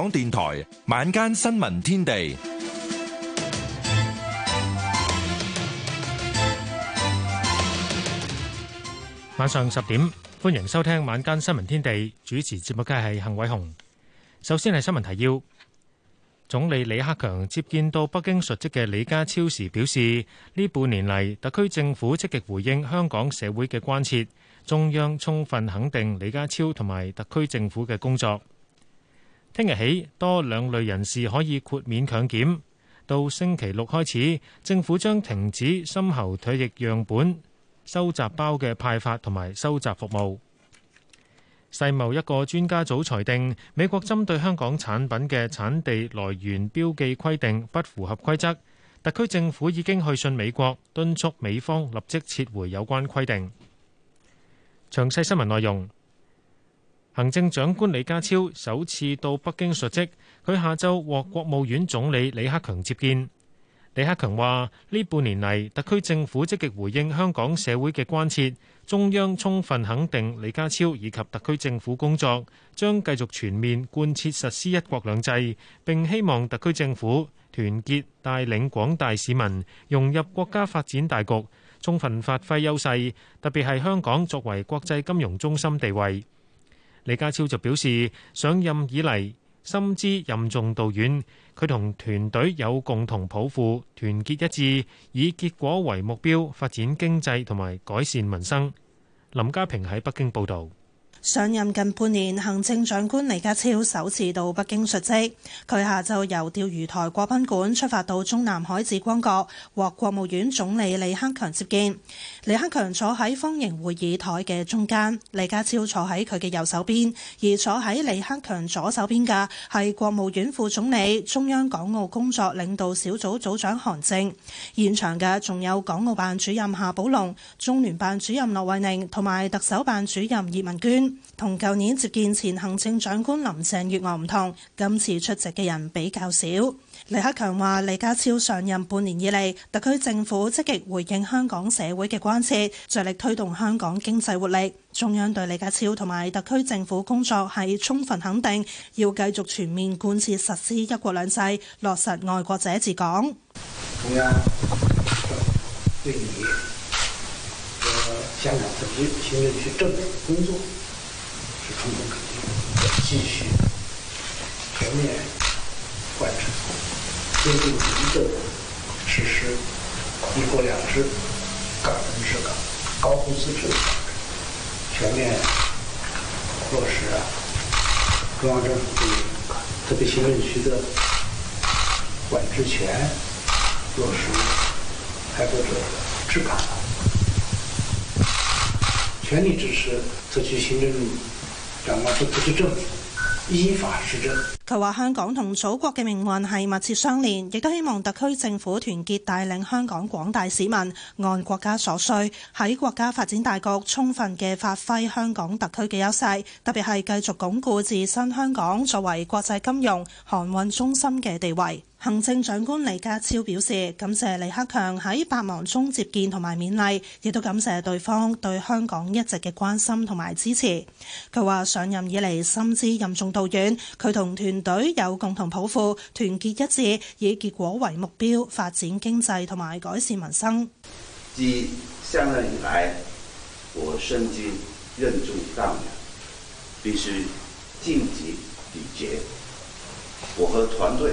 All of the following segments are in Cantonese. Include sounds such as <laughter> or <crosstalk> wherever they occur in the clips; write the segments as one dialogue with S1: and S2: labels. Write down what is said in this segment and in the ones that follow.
S1: 港電台晚間新聞天地，
S2: 晚上十點歡迎收聽晚間新聞天地。主持節目嘅係幸偉雄。首先係新聞提要：總理李克強接見到北京述職嘅李家超時表示，呢半年嚟特區政府積極回應香港社會嘅關切，中央充分肯定李家超同埋特區政府嘅工作。聽日起，多兩類人士可以豁免強檢。到星期六開始，政府將停止深喉唾液樣本收集包嘅派發同埋收集服務。世貿一個專家組裁定，美國針對香港產品嘅產地來源標記規定不符合規則。特區政府已經去信美國，敦促美方立即撤回有關規定。詳細新聞內容。行政長官李家超首次到北京述職，佢下周獲國務院總理李克強接見。李克強話：呢半年嚟，特區政府積極回應香港社會嘅關切，中央充分肯定李家超以及特區政府工作，將繼續全面貫徹實施一國兩制，並希望特區政府團結帶領廣大市民融入國家發展大局，充分發揮優勢，特別係香港作為國際金融中心地位。李家超就表示，上任以嚟深知任重道遠，佢同團隊有共同抱負，團結一致，以結果為目標，發展經濟同埋改善民生。林家平喺北京報道。
S3: 上任近半年，行政長官李家超首次到北京述職。佢下晝由釣魚台國賓館出發到中南海紫光閣，獲國務院總理李克強接見。李克強坐喺方形會議台嘅中間，李家超坐喺佢嘅右手邊，而坐喺李克強左手邊嘅係國務院副總理、中央港澳工作領導小組組，組長韓正。現場嘅仲有港澳辦主任夏寶龍、中聯辦主任駱惠寧同埋特首辦主任葉文娟。同舊年接見前行政長官林鄭月娥唔同，今次出席嘅人比較少。李克強話：李家超上任半年以嚟，特區政府積極回應香港社會嘅關切，着力推動香港經濟活力。中央對李家超同埋特區政府工作係充分肯定，要繼續全面貫徹實施一國兩制，落實愛國者治港。
S4: 中央對你和
S5: 香港特別行政區政府工作。充分肯定，繼續全面貫徹，堅定不移實施“一國兩制”、港人治港、高度自治，全面落實啊中央政府對特別行政區的管治權，落實愛國者治港，全力支持特區行政主。
S3: 就話特區政府依法施政。佢話香港同祖國嘅命運係密切相連，亦都希望特區政府團結帶領香港廣大市民，按國家所需，喺國家發展大局充分嘅發揮香港特區嘅優勢，特別係繼續鞏固自身香港作為國際金融、航運中心嘅地位。行政長官李家超表示感謝李克強喺百忙中接見同埋勉勵，亦都感謝對方對香港一直嘅關心同埋支持。佢話上任以嚟深知任重道遠，佢同團隊有共同抱負，團結一致，以結果為目標，發展經濟同埋改善民生。
S5: 自上任以來，我深知任重道遠，必須精準理解。我和團隊，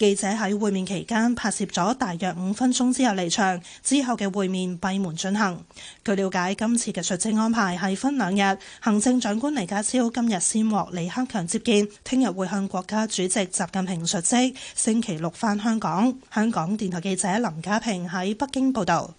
S3: 記者喺會面期間拍攝咗大約五分鐘之後離場，之後嘅會面閉門進行。據了解，今次嘅述職安排係分兩日，行政長官李家超今日先獲李克強接見，聽日會向國家主席習近平述職，星期六返香港。香港電台記者林家平喺北京報道。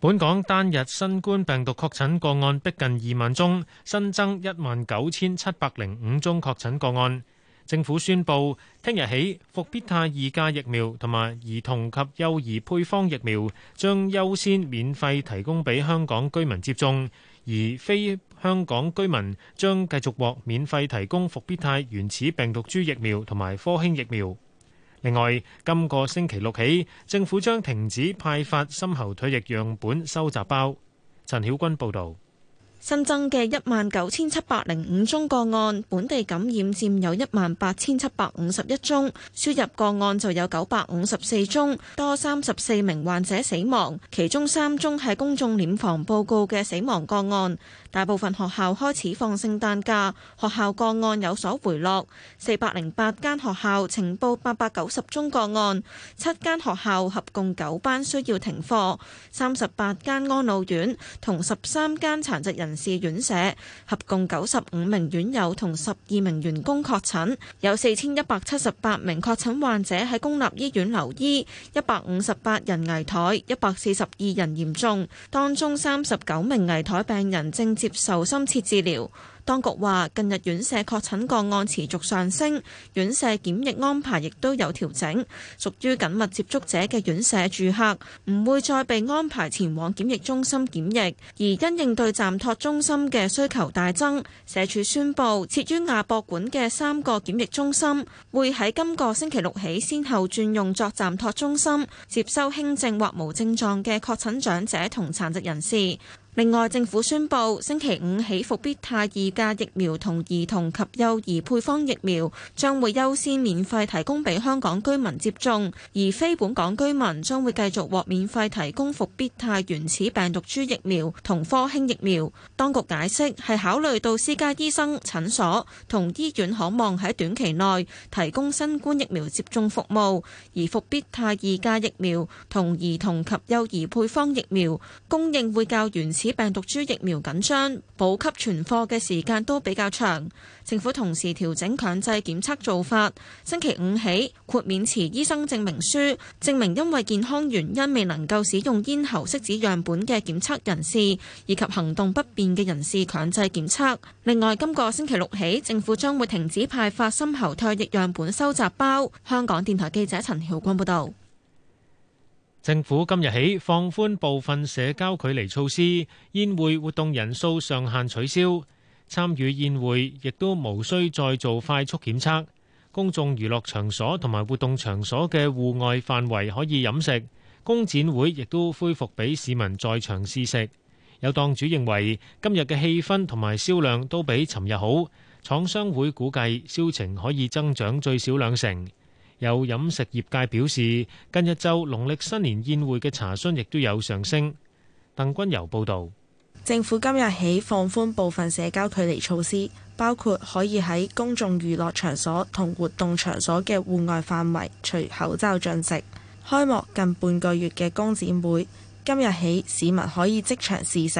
S2: 本港單日新冠病毒確診個案逼近二萬宗，新增一萬九千七百零五宗確診個案。政府宣布，聽日起，復必泰二價疫苗同埋兒童及幼兒配方疫苗將優先免費提供俾香港居民接種，而非香港居民將繼續獲免費提供復必泰原始病毒株疫苗同埋科興疫苗。另外，今個星期六起，政府將停止派發深喉唾液樣本收集包。陳曉君報道。
S6: 新增嘅一萬九千七百零五宗個案，本地感染佔有一萬八千七百五十一宗，輸入個案就有九百五十四宗，多三十四名患者死亡，其中三宗係公眾殮房報告嘅死亡個案。大部分學校開始放聖誕假，學校個案有所回落。四百零八間學校呈報八百九十宗個案，七間學校合共九班需要停課。三十八間安老院同十三間殘疾人士院舍合共九十五名院友同十二名員工確診，有四千一百七十八名確診患者喺公立醫院留醫，一百五十八人危殆，一百四十二人嚴重，當中三十九名危殆病人正接受深切治療。當局話，近日院舍確診個案持續上升，院舍檢疫安排亦都有調整。屬於緊密接觸者嘅院舍住客，唔會再被安排前往檢疫中心檢疫。而因應對暫托中心嘅需求大增，社署宣布，設於亞博館嘅三個檢疫中心，會喺今個星期六起，先後轉用作暫托中心，接收輕症或無症狀嘅確診長者同殘疾人士。另外，政府宣布星期五起，復必泰二價疫苗同兒童及幼兒配方疫苗將會優先免費提供俾香港居民接種，而非本港居民將會繼續獲免費提供復必泰原始病毒株疫苗同科興疫苗。當局解釋係考慮到私家醫生診所同醫院可望喺短期內提供新冠疫苗接種服務，而復必泰二價疫苗同兒童及幼兒配方疫苗供應會較原始此病毒株疫苗緊張，補給存貨嘅時間都比較長，政府同時調整強制檢測做法，星期五起豁免持醫生證明書證明因為健康原因未能夠使用咽喉拭子樣本嘅檢測人士，以及行動不便嘅人士強制檢測，另外，今個星期六起，政府將會停止派發深喉唾液樣本收集包。香港電台記者陳曉君報道。
S2: 政府今日起放寬部分社交距離措施，宴會活動人數上限取消，參與宴會亦都無需再做快速檢測。公眾娛樂場所同埋活動場所嘅戶外範圍可以飲食，工展會亦都恢復俾市民在場試食。有檔主認為今日嘅氣氛同埋銷量都比尋日好，廠商會估計銷情可以增長最少兩成。有飲食業界表示，近日就農曆新年宴會嘅查詢亦都有上升。鄧君柔報導，
S7: 政府今日起放寬部分社交距離措施，包括可以喺公眾娛樂場所同活動場所嘅戶外範圍除口罩進食。開幕近半個月嘅工展會，今日起市民可以即場試食。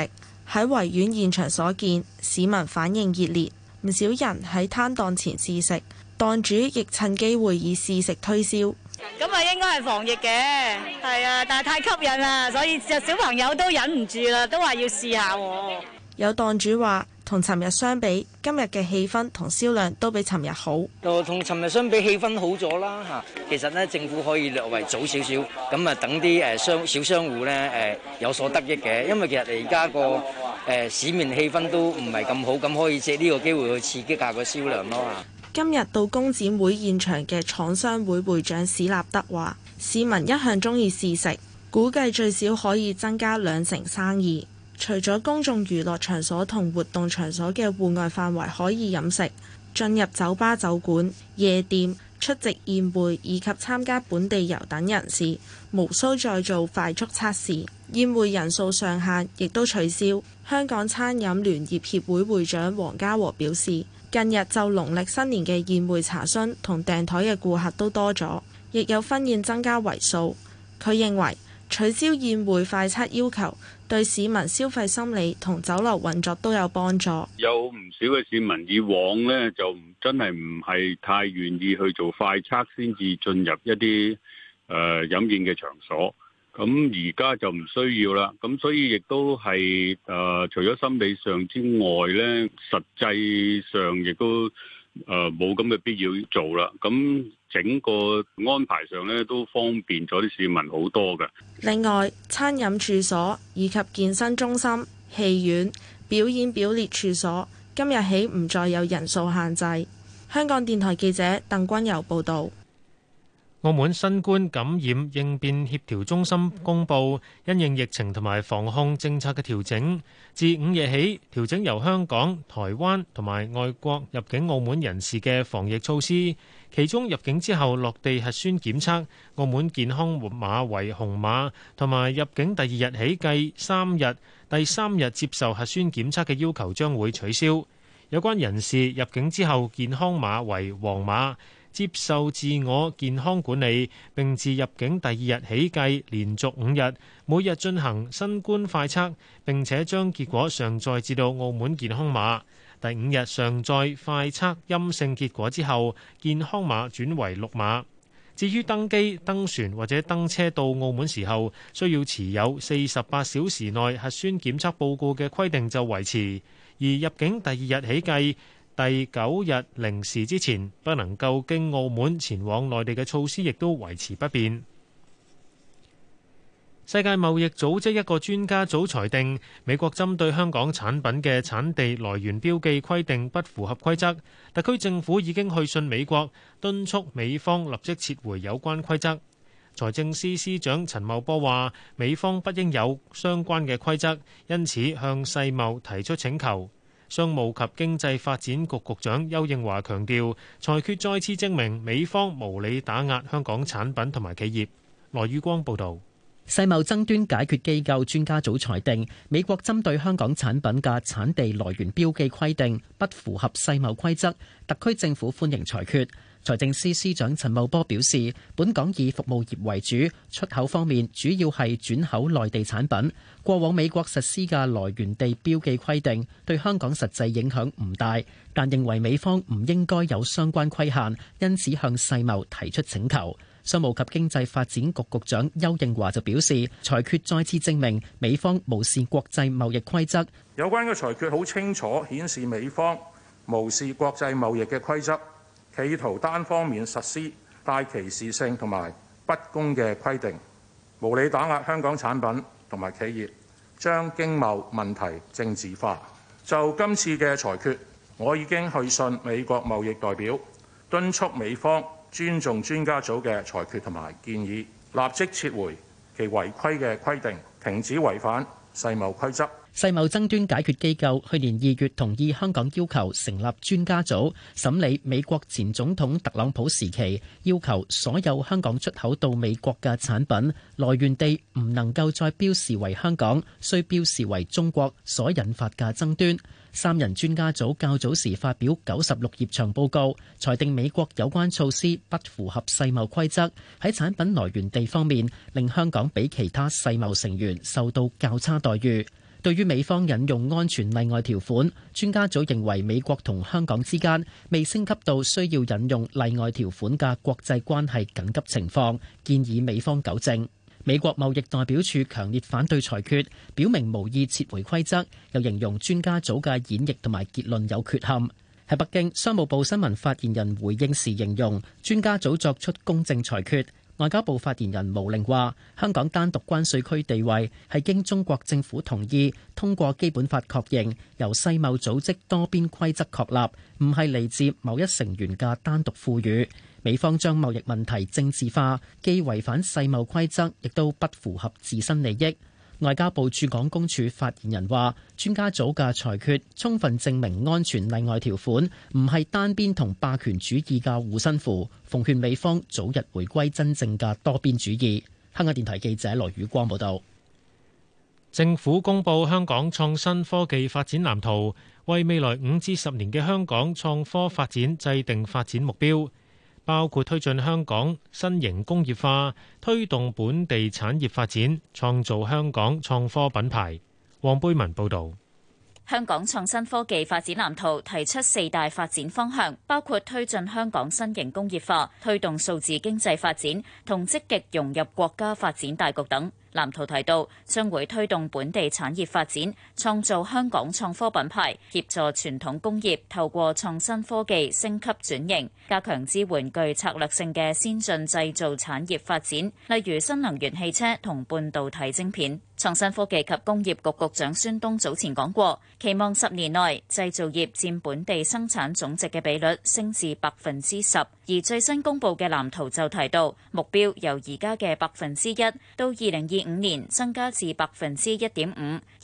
S7: 喺維園現場所見，市民反應熱烈，唔少人喺攤檔前試食。檔主亦趁機會以試食推銷，
S8: 咁啊應該係防疫嘅，係啊，但係太吸引啦，所以小朋友都忍唔住啦，都話要試下。
S7: 有檔主話，同尋日相比，今日嘅氣氛同銷量都比尋日好。
S9: 同尋日相比，氣氛好咗啦嚇。其實咧，政府可以略為早少少，咁啊等啲誒商小商戶咧誒有所得益嘅，因為其實而家個誒市面氣氛都唔係咁好，咁可以借呢個機會去刺激下個銷量咯嚇。
S7: 今日到工展會現場嘅廠商會會長史立德話，市民一向鍾意試食，估計最少可以增加兩成生意。除咗公眾娛樂場所同活動場所嘅戶外範圍可以飲食，進入酒吧、酒館、夜店、出席宴會以及參加本地遊等人士無需再做快速測試。宴會人數上限亦都取消。香港餐飲聯業協會會長黃家和表示。近日就農曆新年嘅宴會查詢同訂台嘅顧客都多咗，亦有婚宴增加圍數。佢認為取消宴會快測要求，對市民消費心理同酒樓運作都有幫助。
S5: 有唔少嘅市民以往咧就真係唔係太願意去做快測先至進入一啲誒飲宴嘅場所。咁而家就唔需要啦，咁所以亦都係誒，除咗心理上之外咧，實際上亦都誒冇咁嘅必要做啦。咁整個安排上咧都方便咗啲市民好多㗎。
S7: 另外，餐飲處所以及健身中心、戲院、表演表列處所，今日起唔再有人數限制。香港電台記者鄧君遊報導。
S2: 澳門新冠感染應變協調中心公布，因應疫情同埋防控政策嘅調整，自五日起調整由香港、台灣同埋外國入境澳門人士嘅防疫措施。其中入境之後落地核酸檢測，澳門健康活碼為紅碼，同埋入境第二日起計三日，第三日接受核酸檢測嘅要求將會取消。有關人士入境之後健康碼為黃碼。接受自我健康管理，並自入境第二日起計，連續五日每日進行新冠快測，並且將結果上載至到澳門健康碼。第五日上載快測陰性結果之後，健康碼轉為綠碼。至於登機、登船或者登車到澳門時候，需要持有四十八小時內核酸檢測報告嘅規定就維持，而入境第二日起計，第九日零時之前不能夠經澳門前往內地嘅措施，亦都維持不變。世界貿易組織一個專家組裁定，美國針對香港產品嘅產地來源標記規定不符合規則。特區政府已經去信美國，敦促美方立即撤回有關規則。財政司司長陳茂波話，美方不應有相關嘅規則，因此向世貿提出請求。商務及經濟發展局局長丘應華強調，裁決再次證明美方無理打壓香港產品同埋企業。羅宇光
S9: 報道，世貿爭端解決機構專家組裁定，美國針對香港產品嘅產地來源標記規定不符合世貿規則。特區政府歡迎裁決。財政司司長陳茂波表示，本港以服務業為主，出口方面主要係轉口內地產品。過往美國實施嘅來源地標記規定對香港實際影響唔大，但認為美方唔應該有相關規限，因此向世貿提出請求。商務及經濟發展局局長丘應樺就表示，裁決再次證明美方無視國際貿易規則。
S4: 有關嘅裁決好清楚顯示美方無視國際貿易嘅規則。企圖單方面實施帶歧視性同埋不公嘅規定，無理打壓香港產品同埋企業，將經貿問題政治化。就今次嘅裁決，我已經去信美國貿易代表，敦促美方尊重專家組嘅裁決同埋建議，立即撤回其違規嘅規定，停止違反世貿規則。
S9: 世貿爭端解決機構去年二月同意香港要求成立專家組審理美國前總統特朗普時期要求所有香港出口到美國嘅產品來源地唔能夠再標示為香港，需標示為中國所引發嘅爭端。三人專家組較早時發表九十六頁長報告，裁定美國有關措施不符合世貿規則，喺產品來源地方面令香港比其他世貿成員受到較差待遇。對於美方引用安全例外條款，專家組認為美國同香港之間未升級到需要引用例外條款嘅國際關係緊急情況，建議美方糾正。美國貿易代表處強烈反對裁決，表明無意撤回規則，又形容專家組嘅演繹同埋結論有缺陷。喺北京，商務部新聞發言人回應時形容專家組作出公正裁決。外交部發言人毛寧話：香港單獨關稅區地位係經中國政府同意，通過基本法確認，由世貿組織多邊規則確立，唔係嚟自某一成員嘅單獨賦予。美方將貿易問題政治化，既違反世貿規則，亦都不符合自身利益。外交部駐港公署發言人話，專家組嘅裁決充分證明安全例外條款唔係單邊同霸權主義嘅護身符，奉勸美方早日回歸真正嘅多邊主義。香港電台記者羅宇光報道。政府公布香港創新科
S2: 技發展藍圖，為未來五至十年嘅香港創科發展制定發展目標。包括推進香港新型工業化，推動本地產業發展，創造香港創科品牌。黃貝文報道。
S8: 香港創新科技發展藍圖提出四大發展方向，包括推進香港新型工業化、推動數字經濟發展同積極融入國家發展大局等。藍圖提到，將會推動本地產業發展，創造香港創科品牌，協助傳統工業透過創新科技升級轉型，加強支援具策略性嘅先進製造產業發展，例如新能源汽車同半導體晶片。創新科技及工業局局長孫東早前講過，期望十年內製造業佔本地生產總值嘅比率升至百分之十，而最新公布嘅藍圖就提到目標由而家嘅百分之一到二零二五年增加至百分之一點五，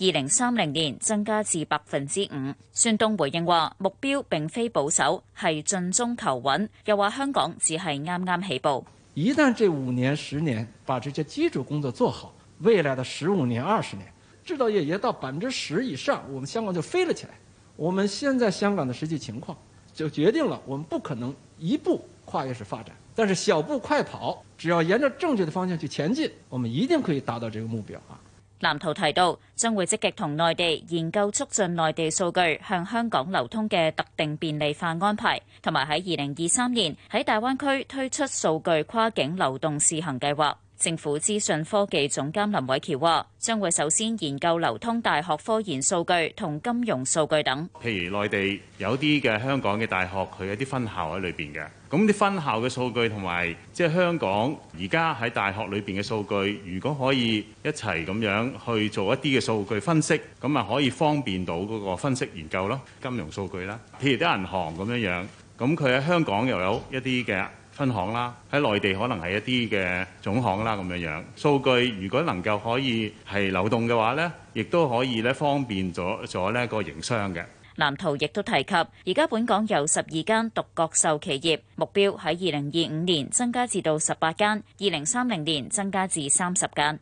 S8: 二零三零年增加至百分之五。孫東回應話：目標並非保守，係進中求穩。又話香港只係啱啱起步。
S10: 一旦這五年十年，把這些基礎工作做好。未來的十五年、二十年，製造業也到百分之十以上，我們香港就飛了起來。我們現在香港的實際情況，就決定了我們不可能一步跨越式發展，但是小步快跑，只要沿着正確的方向去前進，我們一定可以達到這個目標啊！
S8: 藍圖提到，將會積極同內地研究促進內地數據向香港流通嘅特定便利化安排，同埋喺二零二三年喺大灣區推出數據跨境流動試行計劃。政府資訊科技總監林偉喬話，將會首先研究流通大學科研數據同金融數據等，
S2: 譬如內地有啲嘅香港嘅大學，佢有啲分校喺裏邊嘅，咁啲分校嘅數據同埋即係香港而家喺大學裏邊嘅數據，如果可以一齊咁樣去做一啲嘅數據分析，咁啊可以方便到嗰個分析研究咯，金融數據啦，譬如啲銀行咁樣樣，咁佢喺香港又有一啲嘅。分行啦，喺內地可能係一啲嘅總行啦，咁樣樣數據如果能夠可以係流動嘅話呢，亦都可以咧，方便咗咗呢個營商嘅。
S8: 藍圖亦都提及，而家本港有十二間獨角獸企業，目標喺二零二五年增加至到十八間，二零三零年增加至三十間。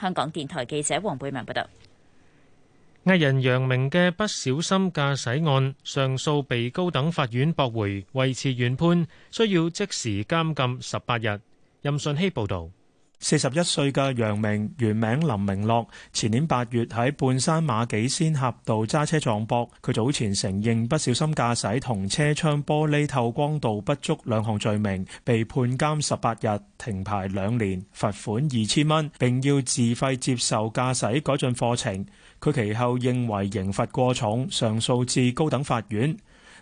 S8: 香港電台記者黃貝文報道。
S2: 藝人楊明嘅不小心駕駛案上訴被高等法院駁回，維持原判，需要即時監禁十八日。任順希報道：四十一歲
S4: 嘅楊明，原名林明樂，前年八月喺半山馬己仙峽道揸車撞博。佢早前承認不小心駕駛同車窗玻璃透光度不足兩項罪名，被判監十八日、停牌兩年、罰款二千蚊，並要自費接受駕駛改進課程。佢其後認為刑罰過重，上訴至高等法院。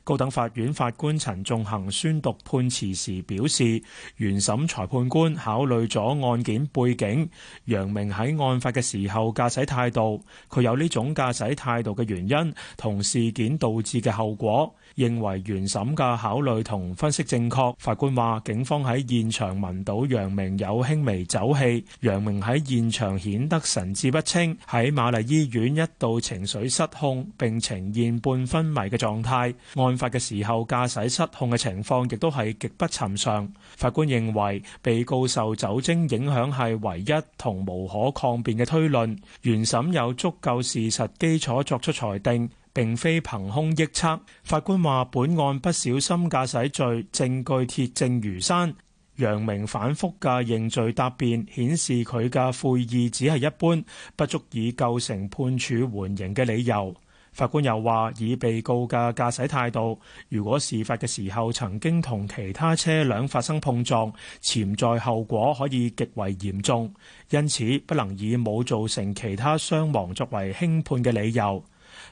S4: 高等法院法官陳仲恒宣讀判詞時表示，原審裁判官考慮咗案件背景、楊明喺案發嘅時候駕駛態度、佢有呢種駕駛態度嘅原因同事件導致嘅後果，認為原審嘅考慮同分析正確。法官話警方喺現場聞到楊明有輕微酒氣，楊明喺現場顯得神志不清，喺瑪麗醫院一度情緒失控並呈現半昏迷嘅狀態案案發嘅時候駕駛失控嘅情況亦都係極不尋常。法官認為被告受酒精影響係唯一同無可抗辯嘅推論，原審有足夠事實基礎作出裁定，並非憑空臆測。法官話本案不小心駕駛罪證據鐵證如山，楊明反覆嘅認罪答辯顯示佢嘅悔意只係一般，不足以構成判處緩刑嘅理由。法官又話，以被告嘅駕駛態度，如果事發嘅時候曾經同其他車輛發生碰撞，潛在後果可以極為嚴重，因此不能以冇造成其他傷亡作為輕判嘅理由。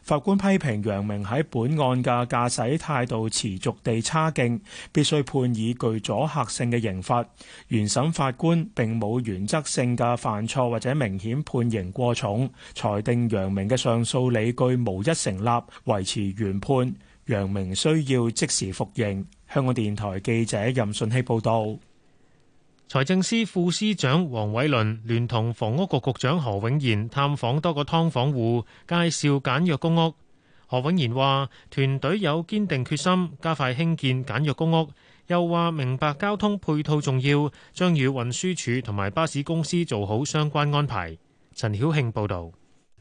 S4: 法官批評楊明喺本案嘅駕駛態度持續地差勁，必須判以具阻吓性嘅刑罰。原審法官並冇原則性嘅犯錯或者明顯判刑過重，裁定楊明嘅上訴理據無一成立，維持原判。楊明需要即時服刑。香港電台記者任信希報道。
S2: 財政司副司長黃偉綸聯同房屋局局長何永賢探訪多個劏房戶，介紹簡約公屋。何永賢話：團隊有堅定決心加快興建簡約公屋，又話明白交通配套重要，將與運輸署同埋巴士公司做好相關安排。陳曉慶報道。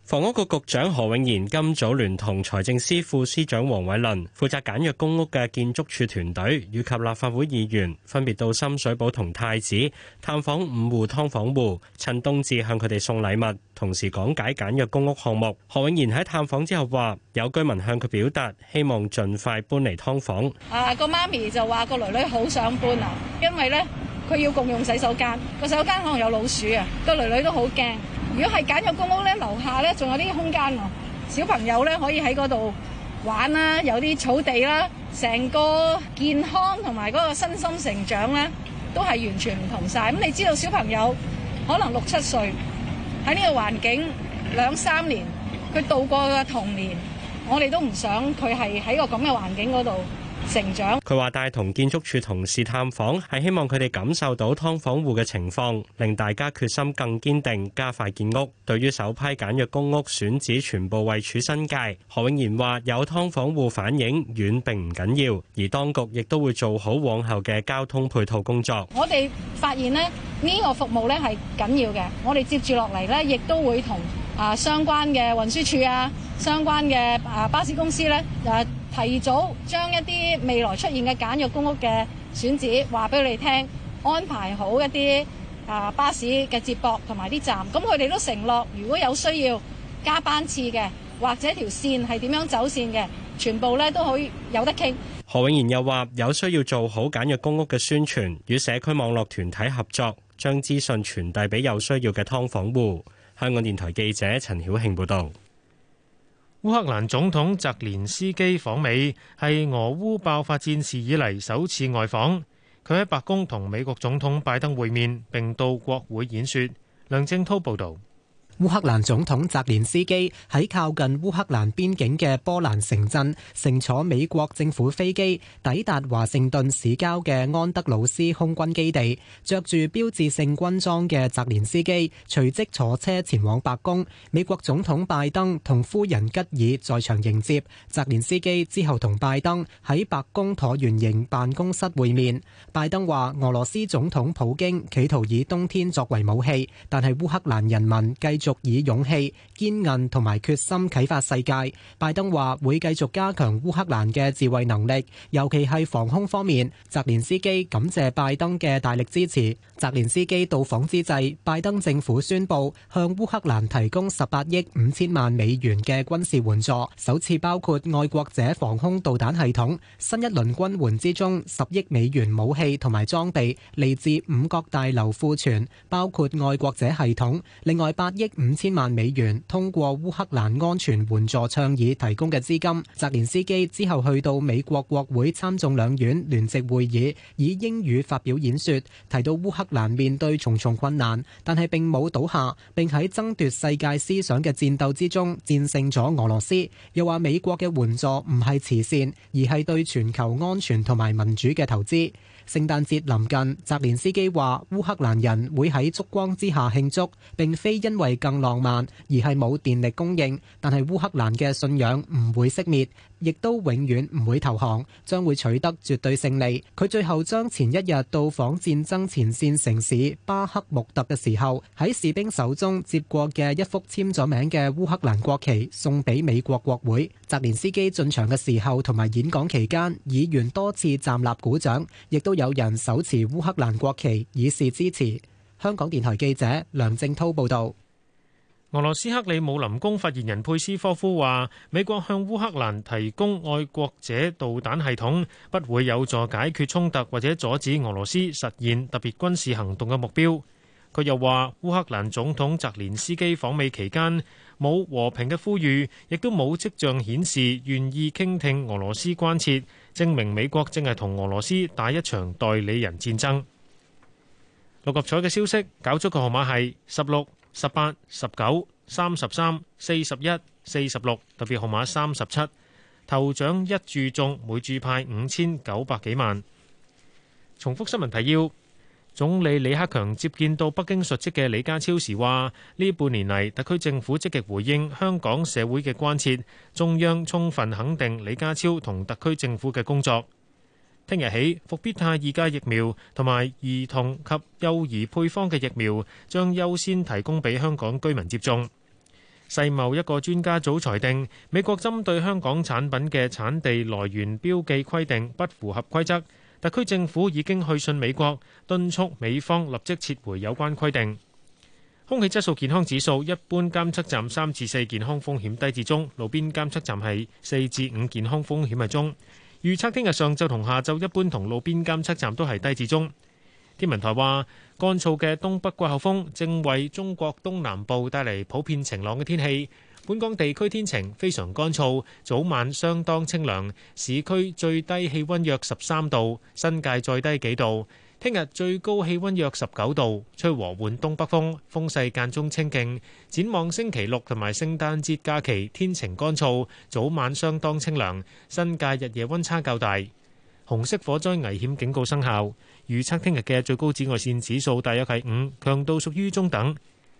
S2: 房屋局局長何永賢今早聯
S10: 同財政司副司長黃偉綸、負責簡約公屋嘅建築署團隊以及立法會議員，分別到深水埗同太子探訪五戶劏房戶，趁冬至向佢哋送禮物，同時講解簡約公屋項目。何永賢喺探訪之後話，有居民向佢表達希望盡快搬離劏房。
S11: 啊，個媽咪就話個囡囡好想搬啊，因為呢佢要共用洗手間，個洗手間可能有老鼠啊，個囡囡都好驚。如果係揀入公屋咧，樓下咧仲有啲空間喎，小朋友咧可以喺嗰度玩啦，有啲草地啦，成個健康同埋嗰個身心成長咧都係完全唔同晒。咁你知道小朋友可能六七歲喺呢個環境兩三年，佢度過嘅童年，我哋都唔想佢係喺個咁嘅環境嗰度。成長，
S10: 佢話帶同建築署同事探訪，係希望佢哋感受到劏房戶嘅情況，令大家決心更堅定，加快建屋。對於首批簡約公屋選址全部位處新界，何永賢話有劏房戶反映遠並唔緊要，而當局亦都會做好往後嘅交通配套工作。
S11: 我哋發現咧呢個服務咧係緊要嘅，我哋接住落嚟咧亦都會同。啊，相關嘅運輸署啊，相關嘅、啊、巴士公司咧，誒、啊、提早將一啲未來出現嘅簡約公屋嘅選址話俾你聽，安排好一啲、啊、巴士嘅接駁同埋啲站。咁佢哋都承諾，如果有需要加班次嘅，或者條線係點樣走線嘅，全部咧都可以有得傾。
S10: 何永賢又話：有需要做好簡約公屋嘅宣傳，與社區網絡團體合作，將資訊傳遞俾有需要嘅
S2: 劏房戶。香港電台記者陳曉慶報道，烏克蘭總統澤連斯基訪美係俄烏爆發戰事以嚟，首次外訪，佢喺白宮同美國總統拜登會面，並到國會演說。梁
S12: 正濤報道。烏克蘭總統澤連斯基喺靠近烏克蘭邊境嘅波蘭城鎮乘坐美國政府飛機抵達華盛頓市郊嘅安德魯斯空軍基地，着住標誌性軍裝嘅澤連斯基隨即坐車前往白宮。美國總統拜登同夫人吉爾在場迎接澤連斯基，之後同拜登喺白宮橢圓形辦公室會面。拜登話俄羅斯總統普京企圖以冬天作為武器，但係烏克蘭人民繼續。以勇氣、堅韌同埋決心啟發世界。拜登話會繼續加強烏克蘭嘅自衛能力，尤其係防空方面。澤連斯基感謝拜登嘅大力支持。澤連斯基到訪之際，拜登政府宣佈向烏克蘭提供十八億五千萬美元嘅軍事援助，首次包括愛國者防空導彈系統。新一輪軍援之中，十億美元武器同埋裝備嚟自五角大樓庫存，包括愛國者系統。另外八億。五千萬美元通過烏克蘭安全援助倡議提供嘅資金。澤連斯基之後去到美國國會參眾兩院聯席會議，以英語發表演說，提到烏克蘭面對重重困難，但係並冇倒下，並喺爭奪世界思想嘅戰鬥之中戰勝咗俄羅斯。又話美國嘅援助唔係慈善，而係對全球安全同埋民主嘅投資。聖誕節臨近，澤連斯基話：烏克蘭人會喺燭光之下慶祝，並非因為更浪漫，而係冇電力供應。但係烏克蘭嘅信仰唔會熄滅。亦都永遠唔會投降，將會取得絕對勝利。佢最後將前一日到訪戰爭前線城市巴赫穆特嘅時候，喺士兵手中接過嘅一幅簽咗名嘅烏克蘭國旗送俾美國國會。澤連斯基進場嘅時候同埋演講期間，議員多次站立鼓掌，亦都有人手持烏克蘭國旗以示支持。香港電台記者梁正濤報導。
S2: 俄羅斯克里姆林宮發言人佩斯科夫話：美國向烏克蘭提供愛國者導彈系統，不會有助解決衝突或者阻止俄羅斯實現特別軍事行動嘅目標。佢又話：烏克蘭總統澤連斯基訪美期間，冇和平嘅呼籲，亦都冇跡象顯示願意傾聽俄羅斯關切，證明美國正係同俄羅斯打一場代理人戰爭。六合彩嘅消息，搞出嘅號碼係十六。十八、十九、三十三、四十一、四十六，特別號碼三十七，頭獎一注中，每注派五千九百幾萬。重複新聞提要：總理李克強接見到北京述職嘅李家超時話，話呢半年嚟，特區政府積極回應香港社會嘅關切，中央充分肯定李家超同特區政府嘅工作。聽日起，復必泰二價疫苗同埋兒童及幼兒配方嘅疫苗將優先提供俾香港居民接種。世貿一個專家組裁定，美國針對香港產品嘅產地來源標記規定不符合規則。特區政府已經去信美國，敦促美方立即撤回有關規定。空氣質素健康指數，一般監測站三至四，健康風險低至中，路邊監測站係四至五，健康風險係中。預測聽日上晝同下晝一般，同路邊監測站都係低至中。天文台話，乾燥嘅東北季候風正為中國東南部帶嚟普遍晴朗嘅天氣。本港地區天晴，非常乾燥，早晚相當清涼。市區最低氣溫約十三度，新界再低幾度。聽日最高氣溫約十九度，吹和緩東北風，風勢間中清勁。展望星期六同埋聖誕節假期，天晴乾燥，早晚相當清涼。新界日夜溫差較大。紅色火災危險警告生效。預測聽日嘅最高紫外線指數大約係五，強度屬於中等。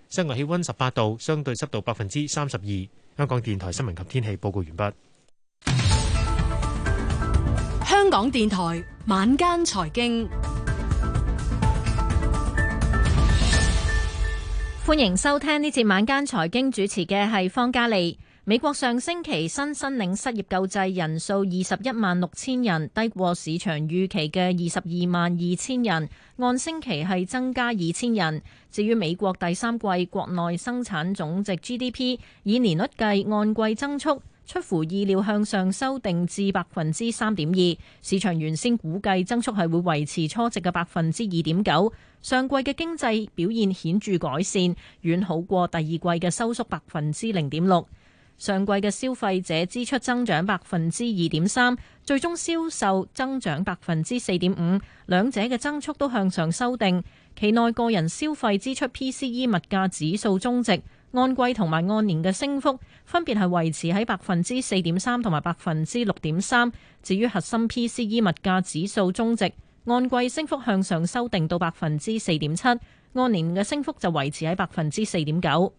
S2: 室外氣溫十八度，相對濕度百分之三十二。香港電台新聞及天氣報告完畢。
S11: 香港電台晚間財經。歡
S13: 迎收聽呢節晚間財經，主持嘅係方嘉利。美國上星期新申領失業救濟人數二十一萬六千人，低過市場預期嘅二十二萬二千人，按星期係增加二千人。至於美國第三季國內生產總值 GDP，以年率計，按季增速。出乎意料向上修訂至百分之三點二，市場原先估計增速係會維持初值嘅百分之二點九。上季嘅經濟表現顯著改善，遠好過第二季嘅收縮百分之零點六。上季嘅消費者支出增長百分之二點三，最終銷售增長百分之四點五，兩者嘅增速都向上修訂。期內個人消費支出 PCE 物價指數中值。按季同埋按年嘅升幅分別係維持喺百分之四點三同埋百分之六點三。至於核心 PCE 物價指數終值，按季升幅向上修訂到百分之四點七，按年嘅升幅就維持喺百分之四點九。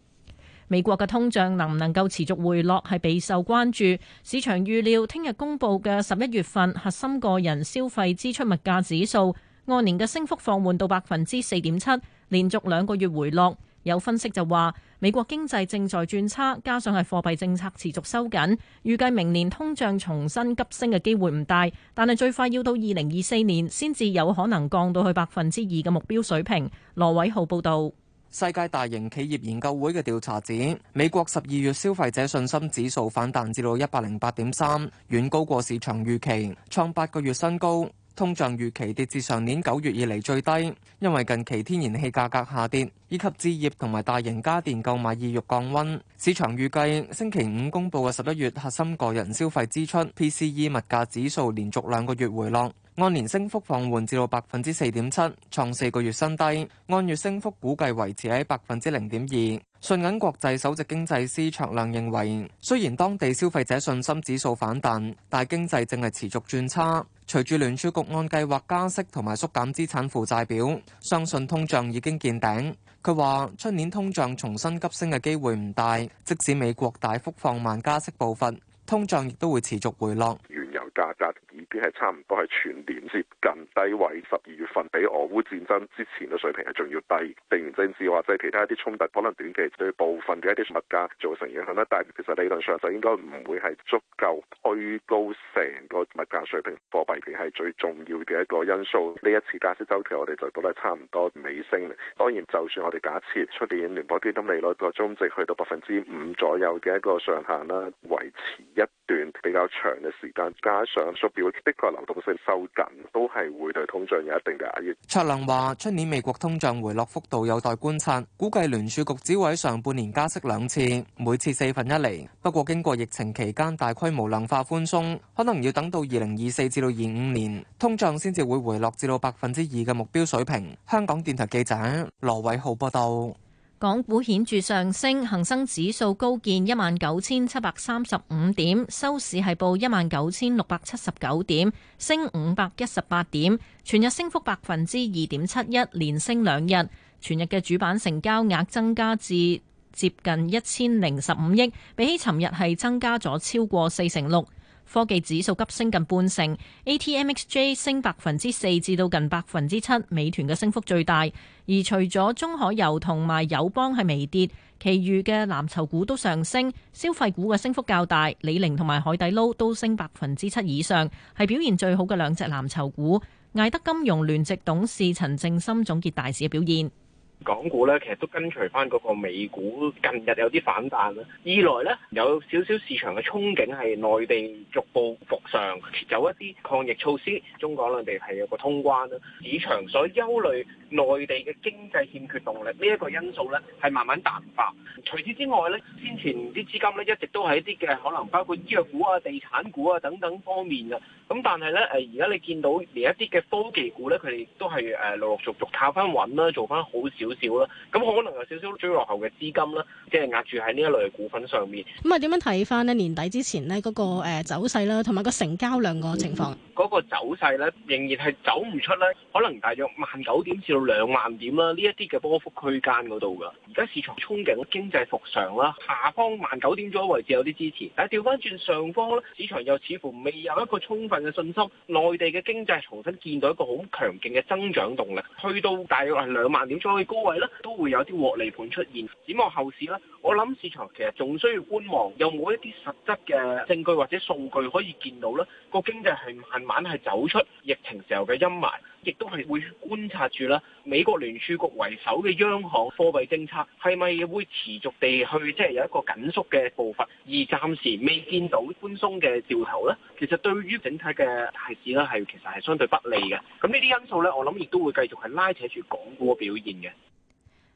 S13: 美國嘅通脹能唔能夠持續回落係備受關注。市場預料聽日公布嘅十一月份核心個人消費支出物價指數按年嘅升幅放緩到百分之四點七，連續兩個月回落。有分析就話，美國經濟正在轉差，加上係貨幣政策持續收緊，預計明年通脹重新急升嘅機會唔大，但係最快要到二零二四年先至有可能降到去百分之二嘅目標水平。羅偉浩報導，
S14: 世界大型企業研究會嘅調查指，美國十二月消費者信心指數反彈至到一百零八點三，遠高過市場預期，創八個月新高。通脹預期跌至上年九月以嚟最低，因為近期天然氣價格下跌，以及置業同埋大型家電購買意欲降溫。市場預計星期五公佈嘅十一月核心個人消費支出 （PCE） 物價指數連續兩個月回落，按年升幅放緩至到百分之四點七，創四個月新低。按月升幅估計維持喺百分之零點二。信銀國際首席經濟師卓亮認為，雖然當地消費者信心指數反彈，但經濟正係持續轉差。隨住聯儲局按計劃加息同埋縮減資產負債表，相信通脹已經見頂。佢話：出年通脹重新急升嘅機會唔大，即使美國大幅放慢加息步伐，通脹亦都會持續回落。
S5: 價格已經係差唔多係全年接近低位，十二月份比俄烏戰爭之前嘅水平係仲要低。地緣政治，即係其他一啲衝突可能短期對部分嘅一啲物價造成影響啦，但係其實理論上就應該唔會係足夠推高成個物價水平。貨幣其實係最重要嘅一個因素。呢一次加息周期我哋就都係差唔多尾聲啦。當然，就算我哋假設出年聯邦基金利率個中值去到百分之五左右嘅一個上限啦，維持一段比較長嘅時間，加上縮表，的確流動性收緊，都係會對通脹有一定嘅壓抑。
S14: 卓亮話，出年美國通脹回落幅度有待觀察，估計聯儲局只會喺上半年加息兩次，每次四分一厘。不過經過疫情期間大規模量化寬鬆，可能要等到二零二四至到二五年，通脹先至會回落至到百分之二嘅目標水平。香港電台記者羅偉浩報道。
S13: 港股顯著上升，恒生指數高見一萬九千七百三十五點，收市係報一萬九千六百七十九點，升五百一十八點，全日升幅百分之二點七一，連升兩日。全日嘅主板成交額增加至接近一千零十五億，比起尋日係增加咗超過四成六。科技指數急升近半成，ATMXJ 升百分之四至到近百分之七，美團嘅升幅最大。而除咗中海油同埋友邦係微跌，其餘嘅藍籌股都上升，消費股嘅升幅較大，李寧同埋海底撈都升百分之七以上，係表現最好嘅兩隻藍籌股。艾德金融聯席董事陳正心總結大市嘅表現。
S5: 港股咧，其實都跟隨翻嗰個美股近日有啲反彈啦。二來咧，有少少市場嘅憧憬係內地逐步復上，有一啲抗疫措施，中港兩地係有個通關啦。市場所憂慮內地嘅經濟欠缺動力呢一個因素咧，係慢慢淡化。除此之外咧，先前啲資金咧一直都喺一啲嘅可能包括醫藥股啊、地產股啊等等方面啊。咁但係咧，誒而家你見到連一啲嘅科技股咧，佢哋都係誒陸陸續續靠翻穩啦，做翻好少。少啦，咁可能有少少追落後嘅資金啦，即係壓住喺呢一類嘅股份上面。
S13: 咁啊，點樣睇翻呢？年底之前呢、那個，嗰、呃、個走勢啦，同埋個成交量個情況。
S5: 嗰、嗯那個走勢咧，仍然係走唔出咧，可能大約萬九點至到兩萬點啦，呢一啲嘅波幅區間嗰度㗎。而家市場憧憬經濟復常啦，下方萬九點左右位置有啲支持，但係調翻轉上方咧，市場又似乎未有一個充分嘅信心，內地嘅經濟重新見到一個好強勁嘅增長動力，去到大約係兩萬點左位咧都會有啲獲利盤出現。展望後市咧，我諗市場其實仲需要觀望，有冇一啲實質嘅證據或者數據可以見到咧，個經濟係慢慢係走出疫情時候嘅陰霾。亦都係會觀察住啦，美國聯儲局為首嘅央行貨幣政策係咪會持續地去即係、就是、有一個緊縮嘅步伐，而暫時未見到寬鬆嘅調頭呢。其實對於整體嘅市況咧，係其實係相對不利嘅。咁呢啲因素呢，我諗亦都會繼續係拉扯住港股嘅表現嘅。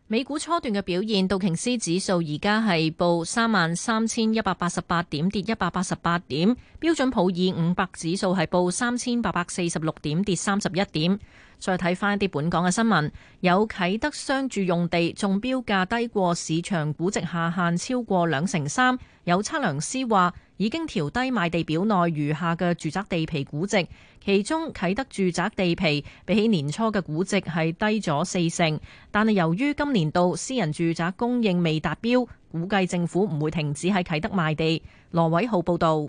S13: 美股初段嘅表現，道瓊斯指數而家係報三萬三千一百八十八點，跌一百八十八點，標準普爾五百指數係報三千八百四十六點，跌三十一點。再睇翻一啲本港嘅新聞，有啟德商住用地中標價低過市場估值下限超過兩成三，有測量師話，已經調低賣地表內餘下嘅住宅地皮估值，其中啟德住宅地皮比起年初嘅估值係低咗四成，但係由於今年度私人住宅供應未達標，估計政府唔會停止喺啟德賣地。羅偉浩報道，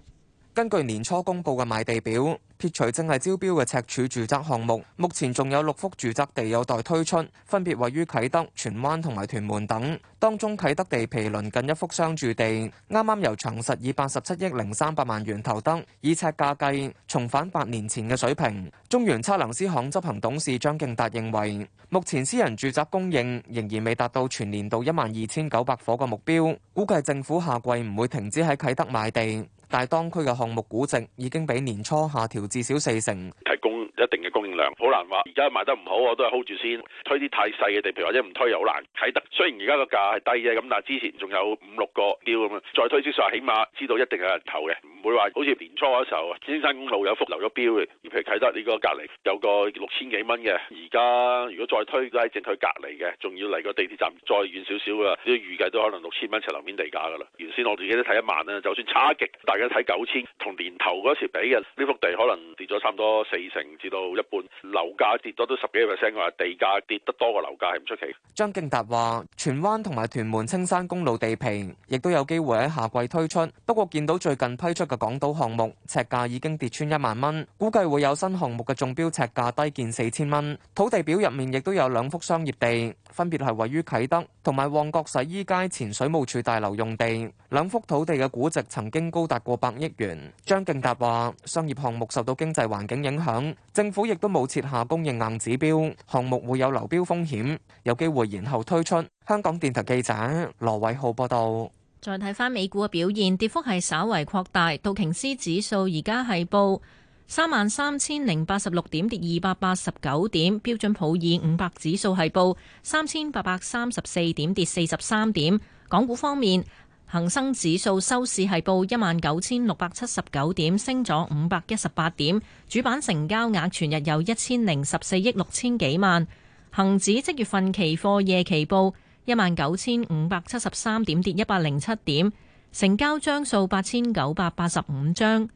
S14: 根據年初公布嘅賣地表。撇除正係招標嘅赤柱住宅項目，目前仲有六幅住宅地有待推出，分別位於啟德、荃灣同埋屯門等，當中啟德地皮鄰近一幅商住地，啱啱由長實以八十七億零三百萬元投得，以尺價計，重返八年前嘅水平。中原測量師行執行董事張敬達認為，目前私人住宅供應仍然未達到全年度一萬二千九百伙嘅目標，估計政府下季唔會停止喺啟德買地。大當區嘅項目估值，已經比年初下調至少四成。
S5: 提供一定嘅。好難話，而家賣得唔好，我都係 hold 住先推，推啲太細嘅地皮或者唔推又好難得。啟德雖然而家個價係低嘅，咁但係之前仲有五六個標咁啊，再推至少起碼知道一定有人投嘅，唔會話好似年初嗰時候青山公路有幅留咗標嘅，譬如啟德呢個隔籬有個六千幾蚊嘅，而家如果再推都喺正佢隔籬嘅，仲要嚟個地鐵站再遠少少噶，要預計都可能六千蚊呎樓面地價噶啦。原先我自己都睇一萬啦，就算差極，大家睇九千，同年頭嗰時比嘅呢幅地可能跌咗差唔多四成至到一。樓價跌咗都十幾 percent，佢話地價跌得多過樓價係唔出奇。
S14: 張敬達話：荃灣同埋屯門青山公路地皮，亦都有機會喺夏季推出。不過見到最近批出嘅港島項目，尺價已經跌穿一萬蚊，估計會有新項目嘅中標尺價低見四千蚊。土地表入面亦都有兩幅商業地，分別係位於啟德同埋旺角洗衣街前水務署大樓用地。兩幅土地嘅估值曾經高達過百億元。張敬達話：商業項目受到經濟環境影響，政府亦。亦都冇設下供應硬指標，項目會有流標風險，有機會延後推出。香港電台記者羅偉浩報道。
S13: 再睇翻美股嘅表現，跌幅係稍為擴大。道瓊斯指數而家係報三萬三千零八十六點，跌二百八十九點。標準普爾五百指數係報三千八百三十四點，跌四十三點。港股方面。恒生指數收市係報一萬九千六百七十九點，升咗五百一十八點。主板成交額全日有一千零十四億六千幾萬。恒指即月份期貨夜期報一萬九千五百七十三點，跌一百零七點，成交張數八千九百八十五張。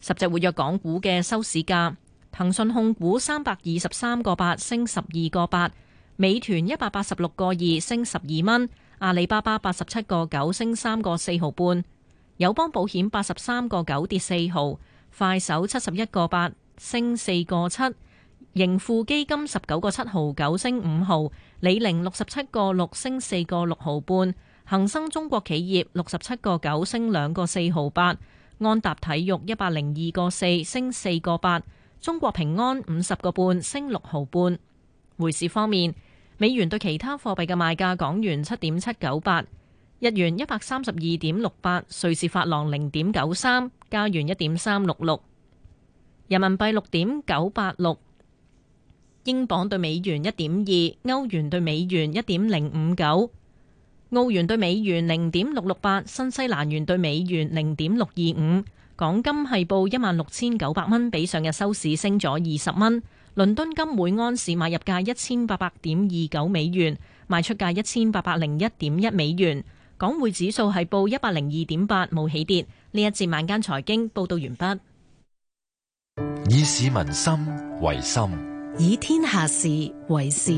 S13: 十隻活躍港股嘅收市價：騰訊控股三百二十三個八，升十二個八；美團一百八十六個二，升十二蚊。阿里巴巴八十七個九，升三個四毫半，友邦保險八十三個九，跌四毫，快手七十一個八，升四個七，盈富基金十九個七毫九，升五毫，李寧六十七個六，升四個六毫半，恒生中國企業六十七個九，升兩個四毫八，安踏體育一百零二個四，升四個八，中國平安五十個半，升六毫半，匯市方面。美元對其他貨幣嘅賣價：港元七點七九八，日元一百三十二點六八，瑞士法郎零點九三，加元一點三六六，人民幣六點九八六，英鎊對美元一點二，歐元對美元一點零五九，澳元對美元零點六六八，新西蘭元對美元零點六二五，港金係報一萬六千九百蚊，比上日收市升咗二十蚊。倫敦金每安士買入價一千八百點二九美元，賣出價一千八百零一點一美元。港匯指數係報一百零二點八，冇起跌。呢一節晚間財經報道完畢。
S1: 以市民心為心，
S14: 以天
S13: 下事為事。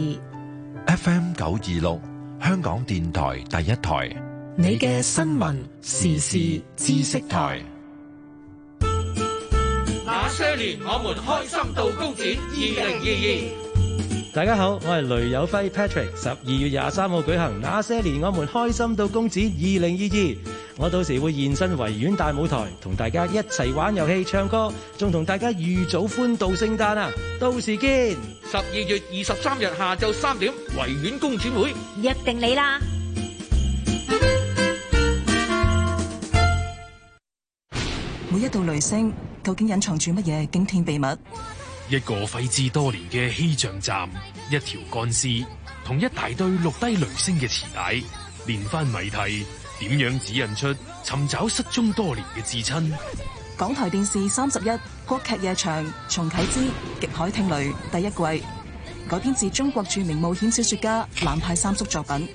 S1: FM 九二六，香港電台第一台，
S10: 你嘅新聞時
S1: 事知識台。
S5: 我們開心到工展二零
S10: 二二。 <music> 大家好，我係雷有輝 Patrick，十二月廿三號舉行那些年我們開心到工展二零二二，我到時會現身維園大舞台，同大家一齊玩遊戲、唱歌，仲同大家預早歡度聖誕啊。到時見。十
S5: 二月二十三日下晝三點，維園工展會
S9: 約定你啦。
S6: 每一道雷聲，究竟隱藏住乜嘢驚天秘密？
S5: 一個廢置多年嘅氣象
S2: 站，一條乾屍，同一大堆錄低雷聲嘅磁帶，連番謎題，點樣指引出尋找失蹤多年嘅至親？
S6: 港台電視三十一，國劇夜場，重啟之極海聽雷第一季，改編自中國著名冒險小說家南派三叔作品。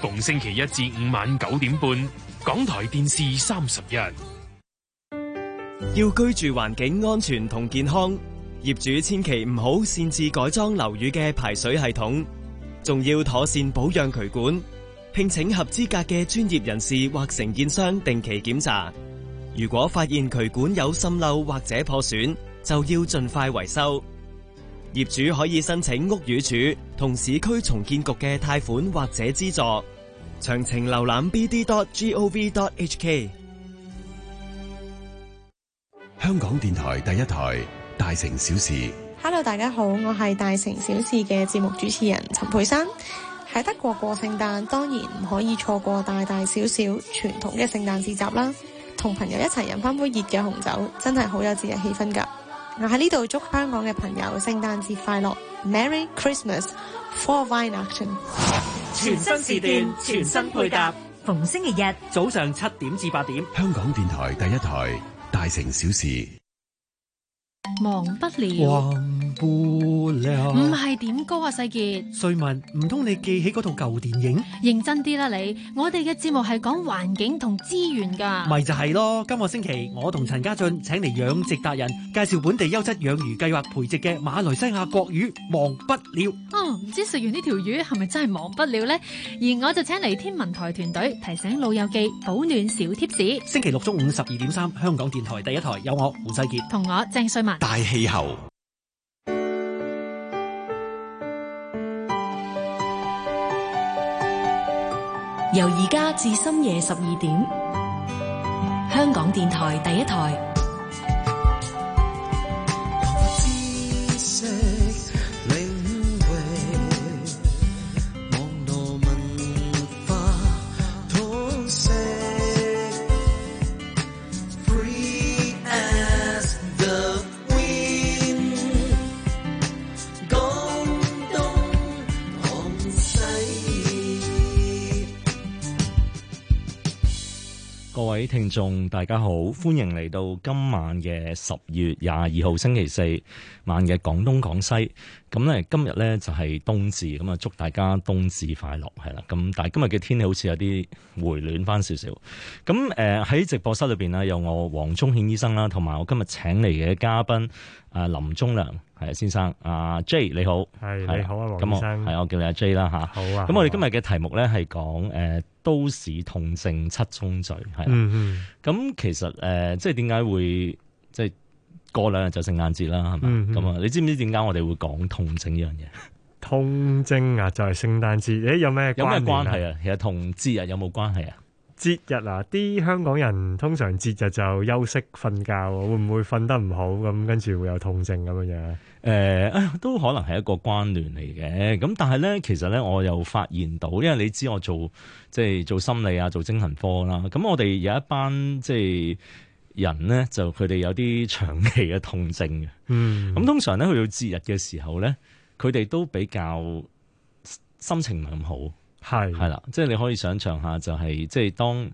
S2: 逢星期一
S14: 至五晚九點半，港台電視三十一。要居住環境安全同健康，業主千祈唔好擅自改裝樓宇嘅排水系統，仲要妥善保養渠管，聘請合資格嘅專業人士或承建商定期檢查。如果發現渠管有滲漏或者破損，就要盡快維修。業主可以申請屋宇署同市區重建局嘅貸款或者資助。詳情瀏覽 bd.gov.hk。香港電台第一台《大城小事》。
S7: Hello，大家好，我係《大城小事》嘅節目主持人陳佩珊。喺德國過聖誕，當然唔可以錯過大大小小傳統嘅聖誕節集啦。同朋友一齊飲翻杯熱嘅紅酒，真係好有節日氣氛噶。我喺呢度祝香港嘅朋友聖誕節快樂，Merry Christmas for Vine Action。全新時段，全新配搭，逢星期日
S5: 早上七點至八點，香港電台第一台。大城
S9: 小事，
S3: 忘不了。Wow.
S9: 唔係、嗯、
S3: 點高啊，世杰。
S9: 瑞文，唔通你記起嗰套舊電影？
S3: 認真啲啦，你！我哋嘅節目係講環境同資源噶，
S9: 咪 <music> <music> 就係、是、咯。今個星期我同陳家俊請嚟養殖達人介紹本地優質養魚計劃，培植嘅馬來西亞國魚忘不了
S3: 啊。唔、嗯、知食完呢條魚係咪真係忘不了呢？而我就請嚟天文台團隊提醒老友記保暖小貼士。
S9: 星期六中午十二點三，香港電台第一台有我胡世杰同我鄭瑞文大氣候。
S8: 由
S11: 而家至深夜十二點，香港電台第一台。
S1: 各位聽眾，大家好，歡迎嚟到今晚嘅十月廿二號星期四晚嘅廣東廣西。咁咧今日咧就係冬至，咁啊祝大家冬至快樂係啦。咁，但今日嘅天氣好似有啲回暖翻少少。咁誒喺直播室裏邊呢，有我黃忠憲醫生啦，同埋我今日請嚟嘅嘉賓啊、呃、林忠良係先生阿、啊、J 你好，係、係你好啊黃醫生、係、嗯、我叫你阿 J 啦吓、啊。好啊。咁我哋今日嘅題目咧係講誒都市痛症七宗罪係啦。嗯嗯。咁其實誒即係點解會即係。過兩日就聖誕節啦，係咪？咁啊、嗯哼，你知唔知點解我哋會講痛症呢樣嘢？痛症啊，就係聖誕節。誒，有咩、啊、有咩關係啊？其實同節日有冇關係啊？
S4: 節日啊，啲香港人通常節日就休息瞓覺，會唔會瞓得唔好咁？跟住會有痛症咁樣嘢？
S1: 誒、呃哎，都可能係一個關聯嚟嘅。咁但係咧，其實咧，我又發現到，因為你知我做即係做心理啊，做精神科啦。咁我哋有一班即係。人咧就佢哋有啲長期嘅痛症嘅，嗯，咁通常咧去到節日嘅時候咧，佢哋都比較心情唔係咁好，係係啦，即係你可以想象下，就是，就係即係當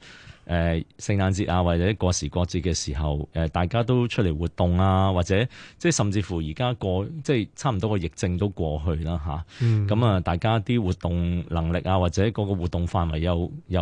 S1: 誒聖誕節啊，或者過時過節嘅時候，誒、呃、大家都出嚟活動啊，或者即係甚至乎而家過即係差唔多個疫症都過去啦嚇，咁啊、嗯、啊大家啲活動能力啊，或者個個活動範圍又又、有